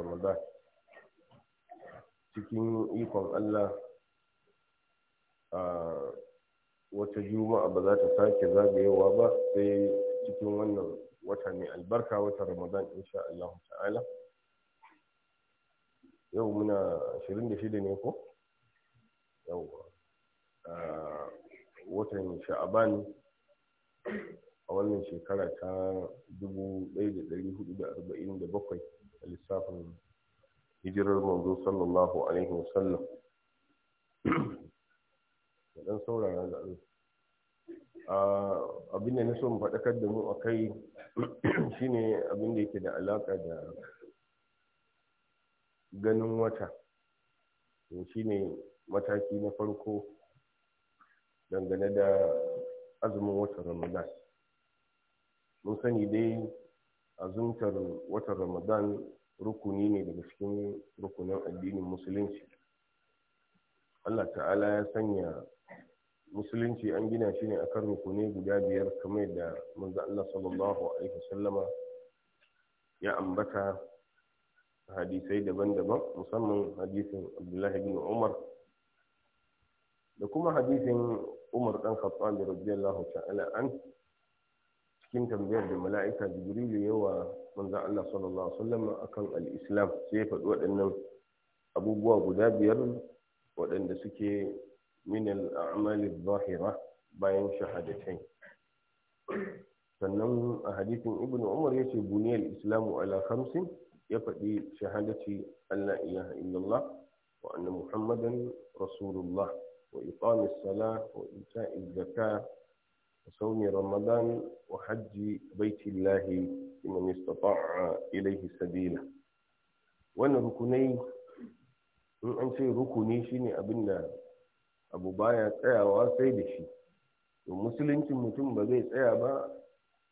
ramadan cikin ikon allah a wata juma'a ba za ta sake zagayewa ba sai cikin wannan wata mai albarka wata ramadan insha Allah ta'ala yau muna 26 ne ko yau watan sha'aban a wannan shekara ta 1447 lissafin hijirar manzo sallallahu alaihi wasallam da ɗan saurara da abin da na so mu faɗakar da mu a kai shine abin da yake da alaƙa da ganin wata shine mataki na farko dangane da azumin watan ramadan mun sani dai azumtar watan ramadan rukuni ne daga cikin rukunin addinin musulunci Allah ta'ala ya sanya musulunci an gina shi ne akan rukuni guda biyar kamar da manzo Allah sallallahu alaihi wasallama ya ambata hadisai daban-daban musamman hadisin Abdullahi ibn Umar da kuma hadisin Umar dan Khattab radiyallahu ta'ala an cikin tambayar da mala'ika Jibril yawa manzan Allah sallallahu alaihi wasallam akan al-islam sai ya faɗi waɗannan abubuwa guda biyar waɗanda suke min al zahira bayan shahadatain sannan a hadisin ibnu umar yace buniyar islamu ala khamsin ya faɗi shahadati Allah ilaha illallah wa anna muhammadan rasulullah wa iqamis salah wa ita'iz zakah وصوم رمضان wa hajji baitillahi liman istata'a ilaihi sabila wannan rukunai in an ce rukuni shine abinda da abu baya tsayawa sai da shi to musuluncin mutum ba zai tsaya ba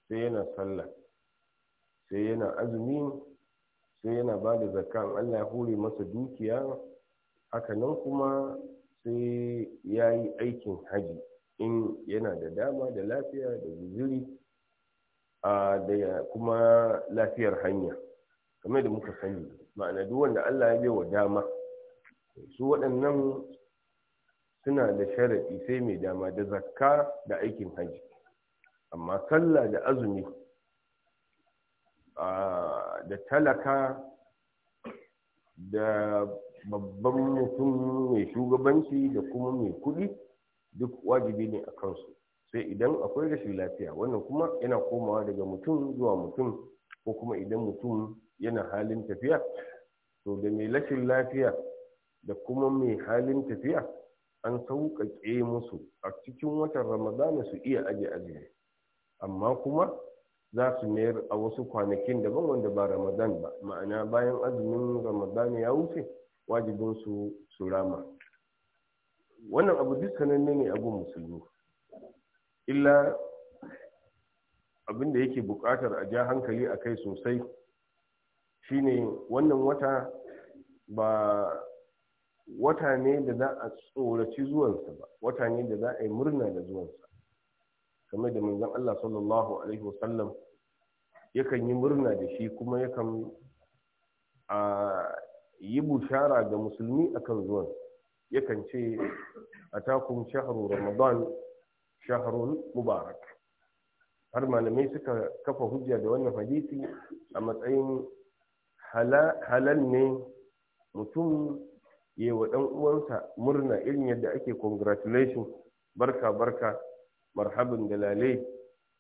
sai yana sallah sai yana azumi sai yana ba da zakan allah ya hure masa dukiya haka nan kuma sai ya yi aikin hajji in yana da dama da lafiya da guziri da kuma lafiyar hanya kamar da muka sani ma'ana duk wanda Allah ya bai wa dama su waɗannan suna da sharaɗi sai mai dama da zakka da aikin haji amma sallah da azumi da talaka da babban mutum mai shugabanci da kuma mai kuɗi duk wajibi ne a kansu sai idan akwai rashin lafiya wannan kuma yana komawa daga mutum zuwa mutum ko kuma idan mutum yana halin tafiya to da mai rashin lafiya da kuma mai halin tafiya an sauƙaƙe musu a cikin watan ramadana su iya aje ajiye amma kuma za su mayar a wasu kwanakin daban wanda ba ramadan ba ma'ana bayan azumin ramadan ya wuce wajibinsu su rama wannan abu duk sananne ne abun musulmi illa abin da yake buƙatar a ja hankali a kai sosai shine wannan wata ba wata ne da za a tsoraci zuwansa ba wata ne da za a yi murna da zuwansa kamar da manzan Allah sallallahu alaihi wasallam yakan yi murna da shi kuma yakan a yi bushara ga musulmi akan zuwan yakan ce a takun shahar ramadan shahrun mubarak har malamai suka kafa hujja da wannan hadisi a matsayin halal ne mutum yi wa ɗan uwansa murna irin yadda ake congratulation barka barka marhabin da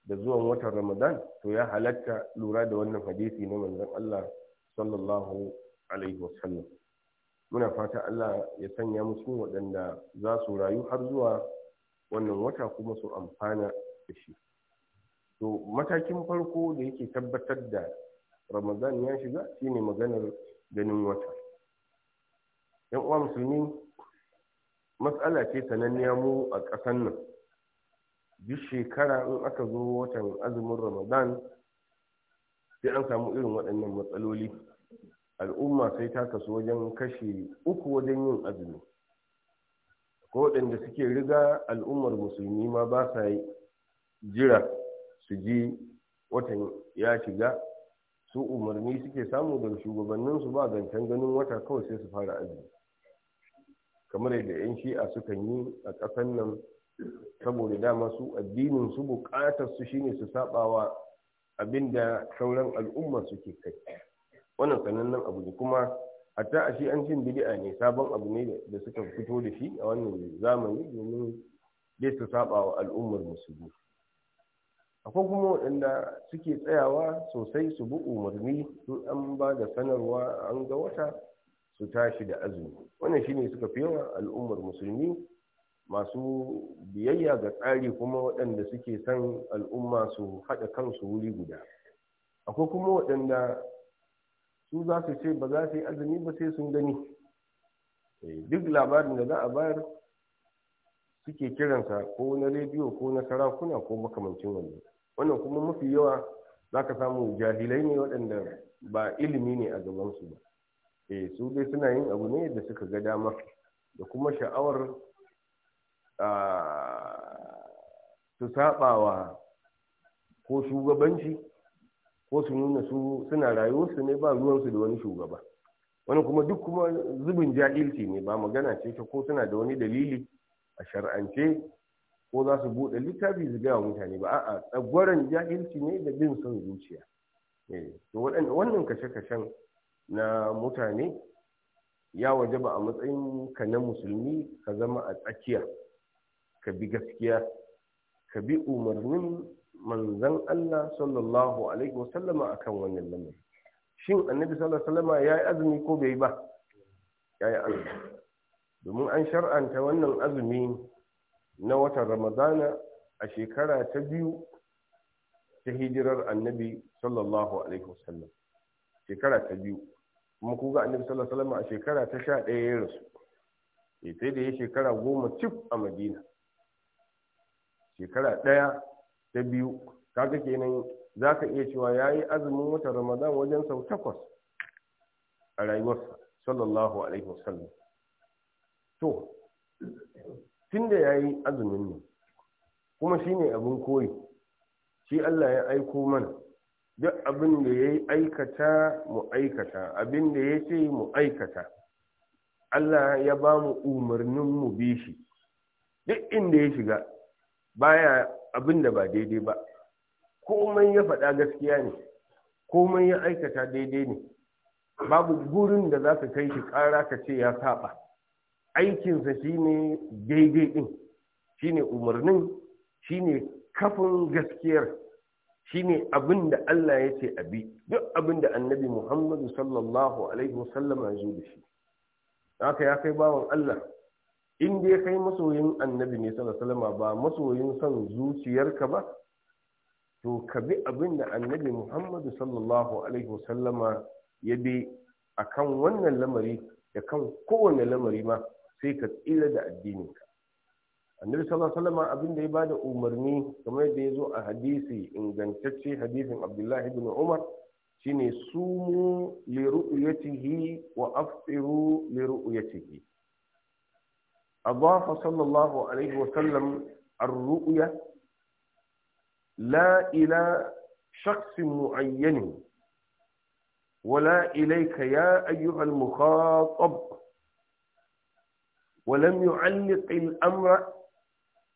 da zuwan watan ramadan to ya halatta lura da wannan hadisi na manzon Allah sallallahu alaihi wasallam muna fata Allah ya sanya musu waɗanda za su rayu har zuwa wannan wata kuma su amfana da shi to matakin farko da yake tabbatar da ramadan ya shiga shine maganar ganin wata yan uwa musulmi matsala ce sananniya mu a ƙasar nan duk shekara in aka zo watan azumin ramadan sai an samu irin waɗannan matsaloli al'umma sai ta kasu wajen kashe uku wajen yin azumi ko waɗanda suke riga al'ummar musulmi ma ba sa jira su ji watan ya shiga su umarni suke samu daga shugabanninsu ba zancen ganin wata kawai sai su fara azumi kamar yadda 'yan shi'a sukan yi a ƙasar nan saboda dama su addinin su buƙatar su shine su sabawa abinda sauran al'ummar suke kai wannan sanannen abu ne kuma hatta a shi an cin bid'a ne sabon abu ne da suka fito da shi a wannan zamani domin dai su saba wa al'ummar musulmi akwai kuma waɗanda suke tsayawa sosai su bi umarni su an ba da sanarwa an ga wata su tashi da azumi wannan shine suka fi yawa al'ummar musulmi masu biyayya ga tsari kuma waɗanda suke son al'umma su haɗa kansu wuri guda akwai kuma waɗanda su za su ce ba za su yi azumi ba sai sun gani eh, duk labarin da za a bayar suke kiransa ko na rediyo ko na sarakuna ko makamancin wannan wannan kuma mafi yawa za ka samu jahilai ne waɗanda ba ilimi ne a gabansu ba eh su dai suna yin abu ne da suka ga dama da kuma sha'awar su saɓawa ko shugabanci ko su nuna su suna rayuwarsu ne ba ruwansu da wani shugaba wani kuma duk kuma zubin jahilci ne ba magana ce ta ko suna da wani dalili a shar'ance ko za su buɗe littafi su gaya mutane ba a'a tsagwaron jahilci ne da bin son zuciya eh, to wannan kashe-kashen na mutane ya waje ba a matsayin ka na musulmi ka zama a tsakiya ka bi gaskiya ka bi umarnin manzan Allah sallallahu alaihi wasallama akan wannan lamari shin annabi sallallahu alaihi wasallama yayi azumi ko bai ba yayi azumi domin an shar'anta wannan azumi na watan ramadana a shekara ta biyu ta hijirar annabi sallallahu alaihi wasallam shekara ta biyu kuma ga annabi sallallahu alaihi wasallam a shekara ta sha ɗaya ya rasu sai da ya shekara goma cif a madina shekara ɗaya ta biyu kaga kenan za ka iya cewa ya yi azumin watan ramadan wajen sau takwas a rayuwarsa sallallahu alaihi wasallam to tun da ya yi azumin ne kuma shi ne abin koyi shi allah ya aiko mana duk abin da ya aikata mu aikata abin da ya ce mu aikata allah ya ba mu umarnin mu bi shi duk inda ya shiga baya abin da ba daidai ba komai ya faɗa gaskiya ne komai ya aikata daidai ne babu gurin da za ka kai shi ƙara ka ce ya saba aikinsa shine daidai ɗin shine umarnin shine kafin gaskiyar shine abin da Allah ya ce abi duk abin da annabi Muhammadu sallallahu alaihi wasallam ya zo da shi haka ya kai bawan Allah in dai kai masoyin annabi ne sallallahu ba masoyin son zuciyarka ba to ka bi abin da annabi muhammadu sallallahu alaihi wasallama ya bi akan wannan lamari da kan kowane lamari ma sai ka tsira da addininka annabi sallallahu alaihi wasallama abin da ya bada umarni kamar da ya zo a hadisi ingantacce hadisin abdullahi ibn umar shine sumu li ru'yatihi wa aftiru li ru'yatihi أضاف صلى الله عليه وسلم الرؤية لا إلى شخص معين ولا إليك يا أيها المخاطب ولم يعلق الأمر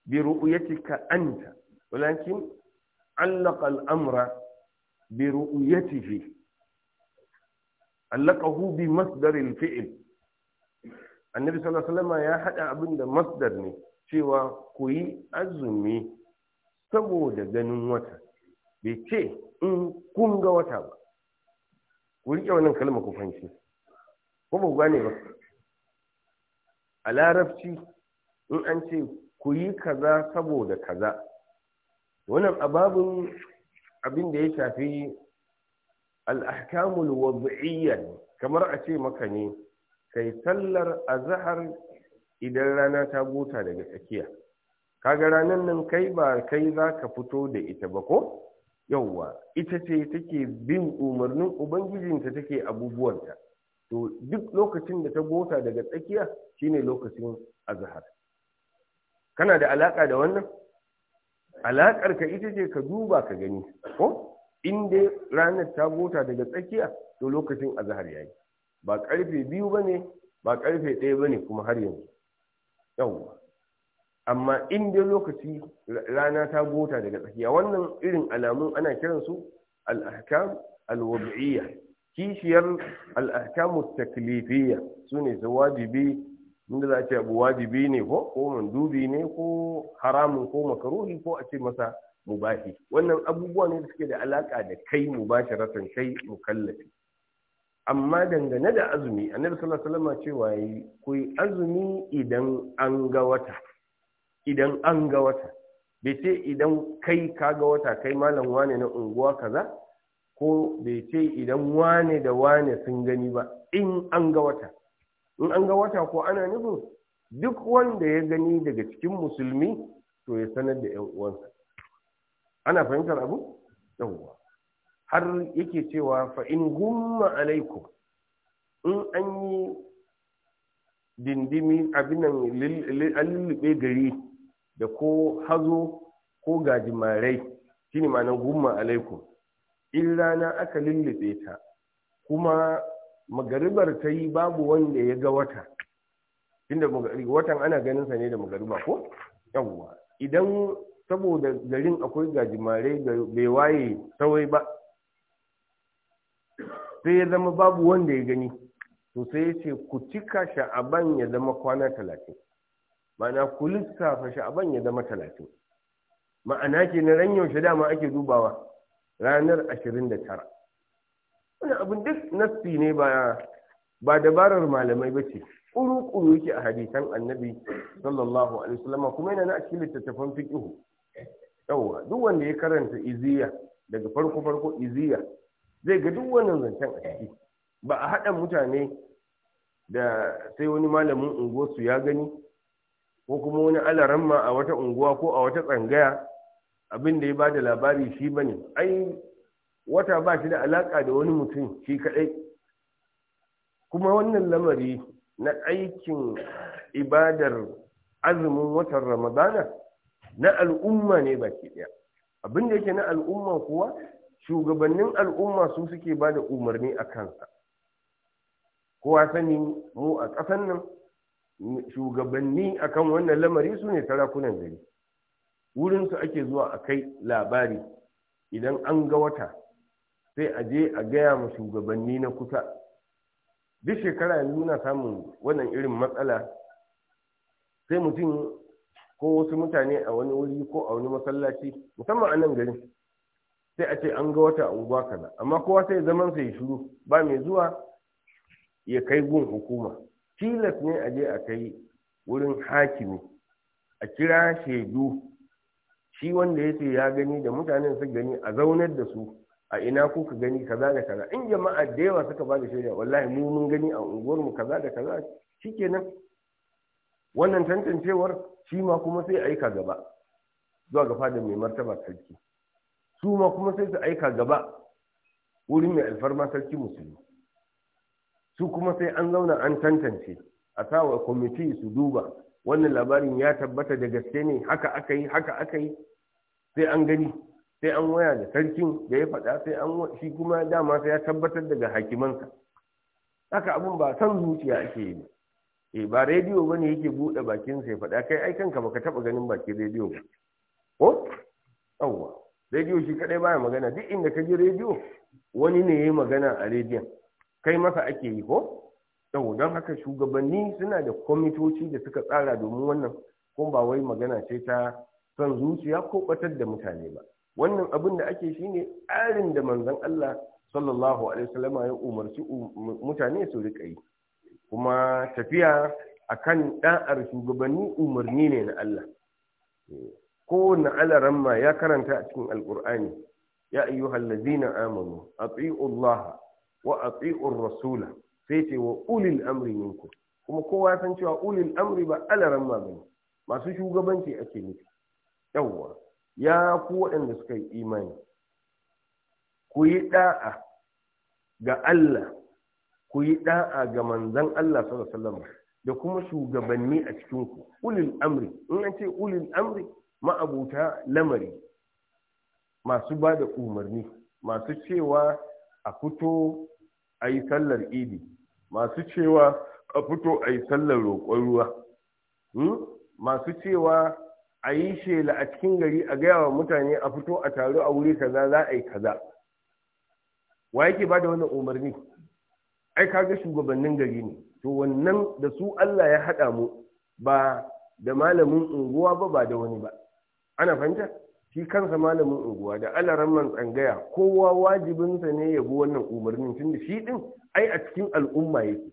برؤيتك أنت ولكن علق الأمر برؤيته علقه بمصدر الفعل annabi sallallahu alaihi wasallam ya hada abin da masdar ne cewa ku yi azumi saboda ganin wata bai ce in kun ga wata ba ku rike wannan kalma ku fanci ko ba ku gane ba a larabci in an ce ku yi kaza saboda kaza wannan ababun abin da ya shafi al-ahkamul wad'iyya kamar a ce maka ne kai sallar azhar idan rana ta gota daga tsakiya kaga ranar nan kai ba kai za ka fito da ita ba ko yauwa ita ce take bin umarnin ubangijinta take abubuwanta to duk lokacin da ta gota daga tsakiya shine lokacin azhar kana da alaka da wannan alakar ka ita ce ka duba ka gani ko in dai ranar ta gota daga tsakiya to lokacin azhar yayi ba karfe biyu ba ne ba karfe ɗaya ba ne kuma har yanzu yawwa amma in dai lokaci rana ta gota daga tsakiya wannan irin alamun ana kiransu al-ahkam al kishiyar al-ahkam su ne su wajibi inda za a ce abu wajibi ne ko ko mandubi ne ko haramun ko makaruhi ko a ce masa mubashi wannan abubuwa ne da suke da alaka da kai rasan kai mukallafi amma dangane da azumi annabi sallallahu alaihi wasallam cewa yi ku azumi idan an ga wata idan an ga wata bai ce idan kai ka ga wata kai malam wane na unguwa kaza ko bai ce idan wane da wane sun gani ba in an ga wata in an ga wata ko ana nufin duk wanda ya gani daga cikin musulmi to ya sanar da 'yan uwansa ana fahimtar abu yawwa har yake cewa fa'in, in gumma alaikum in an yi dindimi abinan lullube gari da ko hazo ko gajimarai ne ma'anar gumma alaikum in rana aka lullube ta kuma magaribar ta yi babu wanda ya ga wata inda watan ana ganin sa ne da magariba ko yawwa idan saboda garin akwai gajimare da bai waye sawai ba sai ya zama babu wanda ya gani to sai ya ce ku cika sha'aban ya zama kwana talatin ma'ana ku lissafa sha'aban ya zama talatin ma'ana ke na ran yaushe dama ake dubawa ranar ashirin da tara wani abin duk nassi ne ba ba dabarar malamai ba ce ƙuruƙuru yake a hadisan annabi sallallahu alaihi wasallam kuma yana na cikin littattafan fiƙihu. yawwa duk wanda ya karanta iziya daga farko farko iziya zai ga duk wannan zancen a ciki ba a haɗa mutane da sai wani malamin unguwarsu ya gani ko kuma wani alaramma a wata unguwa ko a wata tsangaya abin da ya ba da labari shi ba ne ai wata ba shi da alaƙa da wani mutum shi kaɗai kuma wannan lamari na aikin ibadar azumin watan ramadana na al'umma ne baki ɗaya abin da yake na al'umma kuwa shugabannin al'umma su suke ba da umarni a kansa kowa sani mu a ƙasan nan shugabanni a kan wannan lamari su ne sarakunan gari wurinsu ake zuwa a kai labari idan an ga wata sai a je a gaya ma shugabanni na kusa duk shekara yanzu na samun wannan irin matsala sai mutum ko wasu mutane a wani wuri ko a wani masallaci musamman a nan garin sai a ce an ga wata unguwa kaza amma kowa sai zaman sai shiru ba mai zuwa ya kai gun hukuma tilas ne a je a kai wurin hakimi a kira shaidu shi wanda ya ce ya gani da mutanen su gani a zaunar da su a ina kuka gani kaza da kaza in jama'a da yawa suka ba da shaida wallahi mu mun gani a unguwar mu kaza da kaza shikenan wannan tantancewar shi ma kuma sai aika gaba zuwa ga fadar mai martaba sarki su ma kuma sai su aika gaba wurin mai alfarma sarki musulmi su kuma sai an zauna an tantance a sawa kwamiti su duba wannan labarin ya tabbata da gaske ne haka aka yi haka aka yi sai an gani sai an waya da sarkin da ya faɗa sai an shi kuma dama sai ya tabbatar daga hakimansa haka abin ba san zuciya ake yi eh ba rediyo bane yake buɗe bakin sai faɗa kai ai kanka baka taba ganin bakin rediyo ba ko yawwa rediyo shi kadai baya magana duk inda ka ji rediyo wani ne ya yi magana a rediyon kai masa ake yi ko yau don haka shugabanni suna da kwamitoci da suka tsara domin wannan ko ba wai magana ce ta san zuciya ko batar da mutane ba wannan abin da ake shine tsarin da manzon Allah sallallahu alaihi wasallama ya umarci mutane su rika yi kuma tafiya akan da'ar shugabanni umarni ne na Allah eh, kowanne alaramma ya karanta a cikin alkur'ani ya ayyuhal ladina amanu ati'u allaha wa ati'u rasula sai ce wa ulil amri minkum kuma kowa ya san cewa ulil amri ba alaramma bane masu shugabanci ake nufi yawwa ya ku waɗanda suka yi imani ku yi ɗa'a ga Allah ku yi ɗa'a ga manzon Allah sallallahu alaihi da kuma shugabanni a cikin ulil amri in an ce ulil amri ma'abuta lamari masu ba da umarni masu cewa a fito a yi sallar idi masu cewa a fito a yi sallar roƙon ruwa hmm? masu cewa a yi shela a cikin gari a gaya wa mutane a fito a taru a wuri kaza za a yi kaza wa yake ba da wannan umarni ai kaga shugabannin gari ne to wannan da su Allah ya haɗa mu ba da malamin unguwa ba ba da wani ba ana fahimta shi kansa malamin unguwa da man tsangaya kowa wajibinsa ne ya bi wannan umarnin tunda shi din ai a cikin al'umma yake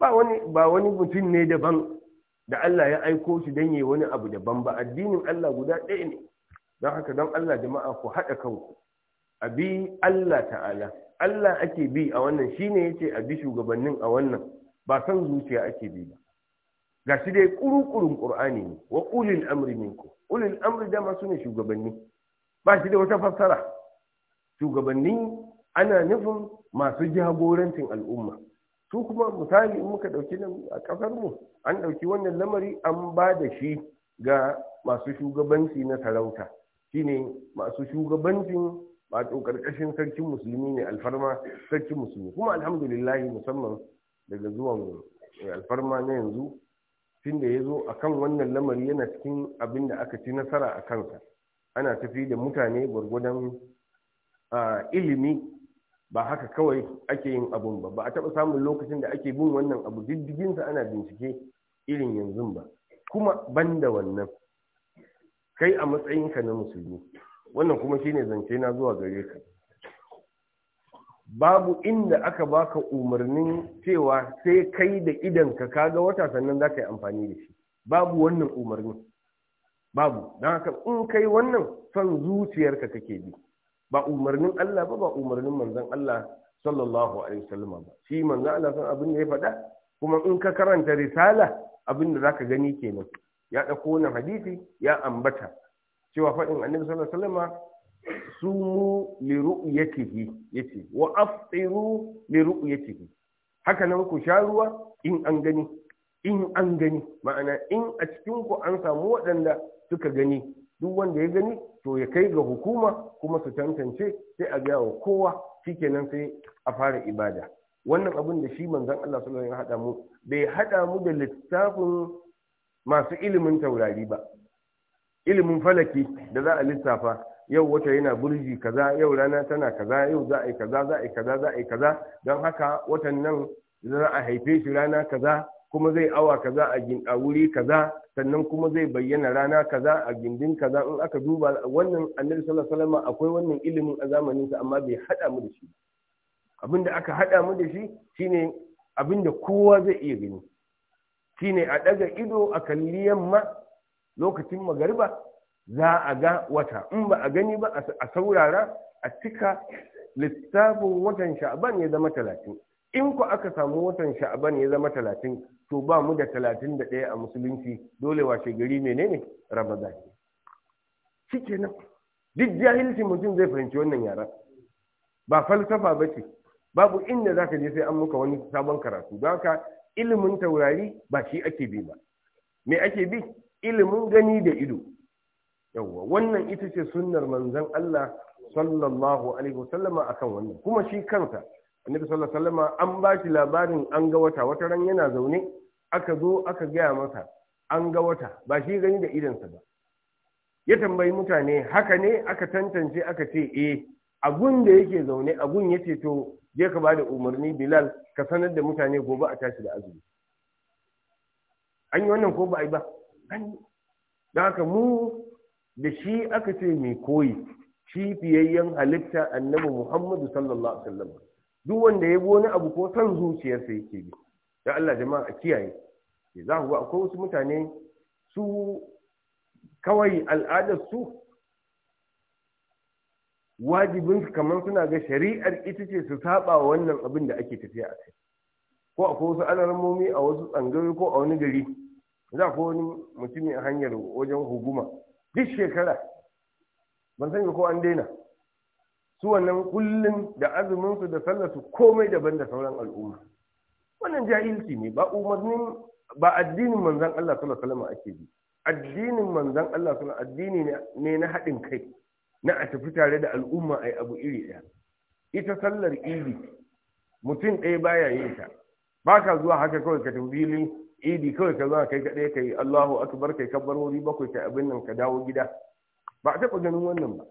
ba wani ba wani mutum ne daban da Allah ya aiko shi dan yi wani abu daban ba addinin Allah guda ɗaya ne don haka don Allah jama'a ku haɗa kanku a bi Allah ta'ala Allah ake bi a wannan shine yace a bi shugabannin a wannan ba san zuciya ake bi ba ga shi dai kurukurun ƙur'ani ne wa amri minku Ƙulin amri dama su ne shugabanni ba shi da wata fassara shugabanni ana nufin masu jagorancin al'umma su kuma misali in muka ɗauki nan a ƙasarmu an ɗauki wannan lamari an ba da shi ga masu shugabanci na sarauta shine masu shugabancin wato ƙarƙashin sarkin musulmi ne alfarma sarkin musulmi kuma alhamdulillah musamman daga zuwan alfarma na yanzu tun da ya zo a kan wannan lamari yana cikin abin da aka ci nasara a kansa ana tafi da mutane gwargwadon ilimi ba haka kawai ake yin abun ba ba a taɓa samun lokacin da ake bin wannan abu diddiginsa ana bincike irin yanzu ba kuma ban da wannan kai a matsayinka na musulmi wannan kuma shine zance na zuwa gare ka babu inda aka baka umarnin cewa sai kai da ka kaga wata sannan za ka yi amfani da shi babu wannan umarnin babu don haka in kai wannan son zuciyarka kake bi ba umarnin Allah ba ba umarnin manzon Allah sallallahu alaihi wasallam ba shi manzon Allah san abin da ya faɗa kuma in ka karanta risala abin da zaka gani kenan ya ɗauko wannan hadisi ya ambata cewa faɗin annabi sallallahu alaihi wasallam sumu li ru'yatihi yace wa afṭiru li ru'yatihi haka nan ku sha ruwa in an gani in an gani ma'ana in a cikin ku an samu waɗanda suka gani duk wanda ya gani to ya kai ga hukuma kuma su tantance sai a gaya wa kowa shikenan sai a fara ibada wannan abin da shi manzon Allah sallallahu alaihi wasallam mu bai hada mu da littafin masu ilimin taurari ba ilimin falaki da za a lissafa yau wata yana burji kaza yau rana tana kaza yau za a yi kaza za a yi kaza za a yi kaza don haka watan nan za a haife shi rana kaza kuma zai awa kaza a wuri kaza sannan kuma zai bayyana rana kaza a gindin kaza in aka duba wannan annabi sallallahu alaihi wasallam akwai wannan ilimin a zamanin sa amma bai hada mu da shi abin da aka hada mu da shi shine abin da kowa zai iya gani shine a daga ido a kalli yamma lokacin magariba za a ga wata in ba a gani ba a saurara a cika lissafin watan sha'aban ya zama talatin in ku aka samu watan sha'aban ya zama talatin to ba mu da talatin da ɗaya a musulunci dole washe gari menene ramadan shi nan duk jahilci mutum zai fahimci wannan yara ba falsafa ba ce babu inda za ka je sai an muka wani sabon karatu don haka ilimin taurari ba shi ake bi ba me ake bi ilimin gani da ido yawwa wannan ita ce sunnar manzon Allah sallallahu alaihi wasallama akan wannan kuma shi kansa annabi sallallahu alaihi wasallama an ba shi labarin an ga wata wata ran yana zaune aka zo aka gaya masa an ga wata ba shi gani da idansa ba ya tambayi mutane haka ne aka tantance aka ce eh abun da yake zaune abun ya ce to je ka ba da umarni bilal ka sanar da mutane gobe a tashi da azumi an yi wannan ko ba a yi ba an yi haka mu da shi aka ce mai koyi shi fiyayyen halitta annabi Muhammadu sallallahu alaihi wasallam duk wanda ya bi wani abu ko san zuciyarsa yake bi da Allah jama'a a kiyaye za ku ga akwai wasu mutane su kawai al'adar su wajibin kamar suna ga shari'ar ita ce su saba wannan abin da ake tafiya a kai ko akwai wasu alarmomi a wasu tsangayoyi ko a wani gari za ku wani mutumi a hanyar wajen hukuma. duk shekara ban san ko an daina su wannan kullum da azuminsu da sallarsu komai daban da sauran al'umma wannan jahilci ne ba umarnin ba addinin manzan Allah sallallahu alaihi wasallam ake bi addinin manzan Allah sallallahu addini ne na haɗin kai na a tafi tare da al'umma ai abu iri ɗaya ita sallar idi mutum ɗaya baya yin ta ba ka zuwa haka kawai ka tafi idi kawai ka za kai kaɗai ka yi allahu akbar kai kabbarori bakwai ka abin nan ka dawo gida ba a taɓa ganin wannan ba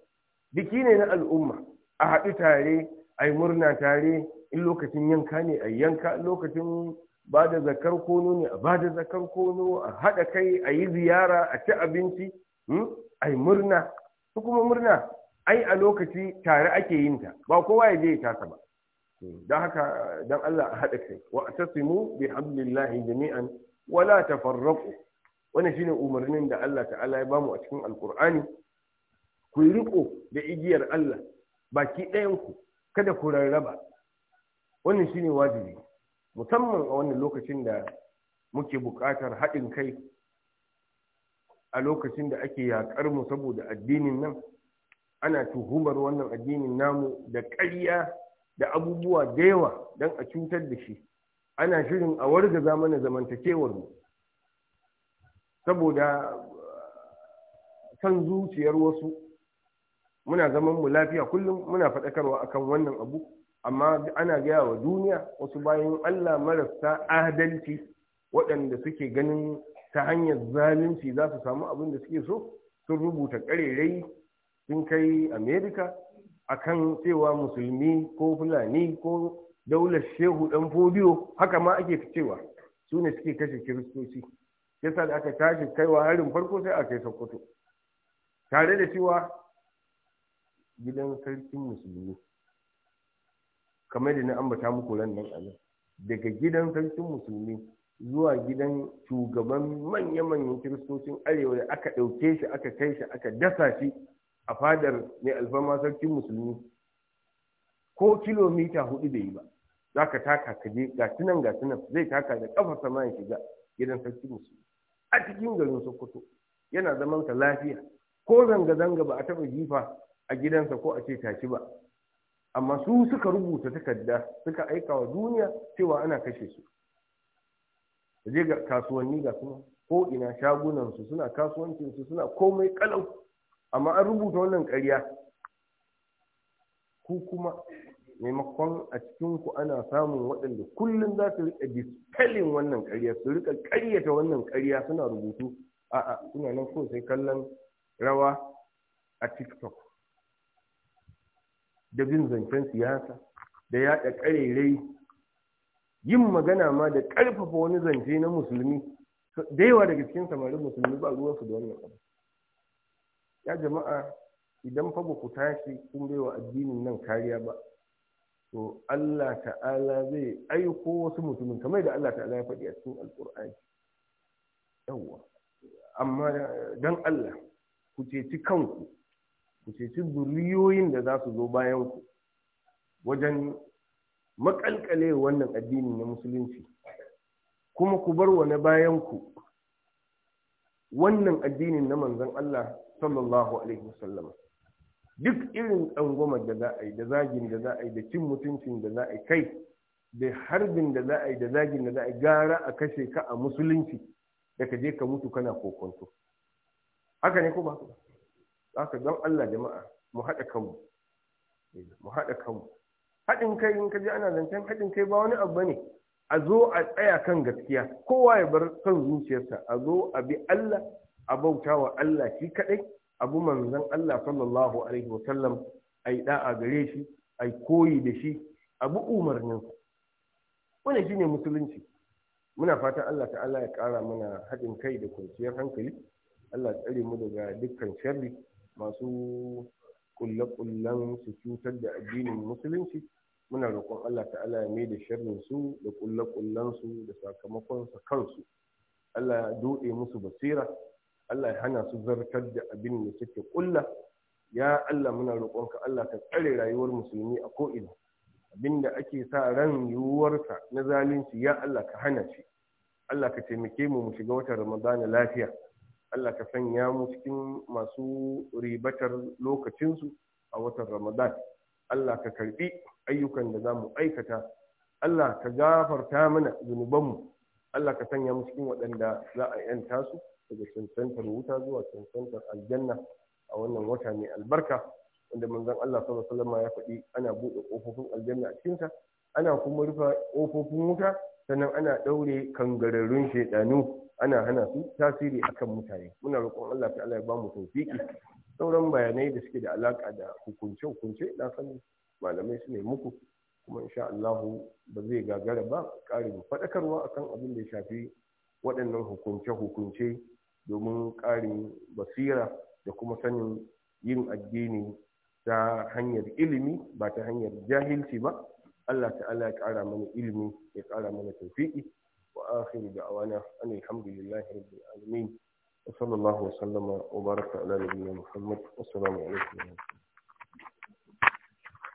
biki ne na al'umma a haɗu tare a yi murna tare in lokacin yanka ne a yanka lokacin ba da zakar kono ne a ba da zakar kono a haɗa kai a yi ziyara a ci abinci hmm, a yi murna su kuma murna ai a lokaci tare ake yin ta ba kowa ya je ya tasa ba don haka don Allah a haɗa kai wa tasimu bi hablillahi jami'an wala tafarraqu wannan shine umarnin da Allah ta'ala ya bamu a cikin alkur'ani ku riƙo riko da igiyar Allah baki ɗayan ku kada ku rarraba wannan shine wajibi musamman a wannan lokacin da muke buƙatar haɗin kai a lokacin da ake yaƙar mu saboda addinin nan ana tuhumar wannan addinin namu da ƙarya da abubuwa da yawa don a cutar da shi ana shirin a warga zamanin zamantakewar mu saboda uh, san zuciyar wasu muna zaman mu lafiya kullum muna faɗakarwa akan wannan abu amma ana gaya wa duniya wasu bayan allah marasa adalci waɗanda suke ganin ta hanyar zalunci za su samu abin da suke so sun rubuta ƙarerai sun kai amerika akan cewa musulmi ko fulani ko daular shehu dan fodiyo haka ma ake cewa su ne suke kashe kiristoci yasa da aka tashi kaiwa harin farko sai a kai sokoto tare da cewa gidan sarkin musulmi kamar da na ambata muku ran nan a daga gidan sarkin musulmi zuwa gidan shugaban manya-manyan kiristocin arewa da aka ɗauke shi aka kai shi aka dasa shi a fadar mai alfama sarkin musulmi ko kilomita hudu da yi ba za ka taka ka je ga tunan zai taka da kafa sama ya shiga gidan sarkin musulmi a cikin garin sokoto yana zaman ka lafiya ko zanga-zanga ba a taɓa jifa a gidansa ko a ce tashi ba amma su suka rubuta takarda suka aika wa duniya cewa ana kashe su je ga kasuwanni ga suna ko ina shagunansu suna kasuwancinsu suna komai kalau amma an rubuta wannan ƙarya ku kuma maimakon a cikinku ana samun waɗanda kullum za su riƙa dispelling wannan ƙarya su riƙa ƙaryata wannan ƙarya suna rubutu a'a suna nan ko sai kallon rawa a tiktok da bin zancen siyasa da yaɗa ƙarerai yin magana ma da ƙarfafa wani zance na musulmi da yawa daga cikin samarin musulmi ba ruwansu da wannan abu ya jama'a idan fa ku tashi kun bai wa addinin nan kariya ba to Allah ta'ala zai aiko wasu mutumin kamar da Allah ta'ala ya faɗi a cikin alƙur'ani yawwa amma dan Allah ku ceci kanku ku ceci duriyoyin da za su zo bayan ku wajen makalkale wannan addini na musulunci kuma ku bar wa na bayan ku wannan addinin na manzon Allah sallallahu alaihi wasallam duk irin tsangwamar da za a yi da zagin da za a yi da cin mutuncin da za a yi kai da harbin da za a yi da zagin da za a yi gara a kashe ka a musulunci da ka je ka mutu kana kokonto haka ne ko ba haka don Allah jama'a mu haɗa kanmu mu haɗa kanmu haɗin kai in ka je ana zancen haɗin kai ba wani abu bane a zo a tsaya kan gaskiya kowa ya bar son zuciyarsa a zo a bi Allah a bauta wa Allah shi kaɗai abu manzon Allah sallallahu alaihi wa sallam ai ɗa'a gare shi ai koyi da shi abu umarnin wannan shine musulunci muna fatan Allah ta'ala ya ƙara mana haɗin kai da kwanciyar hankali Allah tsare mu daga dukkan sharri masu kulle-kullen su cutar da addinin musulunci muna roƙon Allah ta'ala ya mai da sharrin su da kulle-kullen su da sakamakon sa kansu Allah ya doɗe musu basira Allah ya hana su zartar da abin da suke kulla ya Allah muna roƙonka Allah ka tsare rayuwar musulmi a ko'ina abinda ake sa ran yiwuwarsa na zalunci ya Allah ka hana shi Allah ka taimake mu mu shiga watan Ramadana lafiya Allah ka sanya mu cikin masu ribatar lokacinsu a watan Ramadan Allah ka karbi ayyukan da za mu aikata Allah ka gafarta mana zunubanmu Allah ka sanya mu cikin waɗanda za a 'yanta su daga cancantar wuta zuwa cancantar aljanna a wannan wata mai albarka wanda manzan Allah sallallahu alaihi wasallam ya faɗi ana buɗe ƙofofin aljanna a cikinsa ana kuma rufe ƙofofin wuta sannan ana ɗaure kangararrun shedanu ana hana su tasiri akan mutane muna roƙon Allah ta Allah ya bamu tawfiki sauran bayanai da suke da alaka da hukunce hukunce na san malamai su ne muku kuma insha Allah ba zai gagara ba ƙarin faɗakarwa akan abin da ya shafi waɗannan hukunce hukunce domin ƙarin basira da kuma sanin yin addini ta hanyar ilimi ba ta hanyar jahilci ba Allah ta'ala ya ƙara mana ilimi ya ƙara mana tawfiqi wa akhiru da'wana alhamdulillahi rabbil alamin wa sallallahu wa sallama wa baraka ala nabiyyina muhammad assalamu alaikum